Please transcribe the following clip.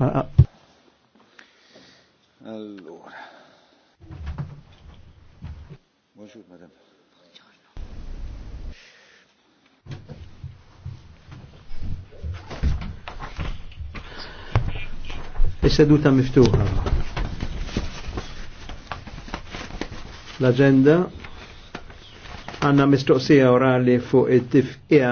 Ah, ah. Allora. Buongiorno, madame. Buongiorno. Is-seduta miftuħa. L-agenda għanna mistoqsija orali fuq it-tifqija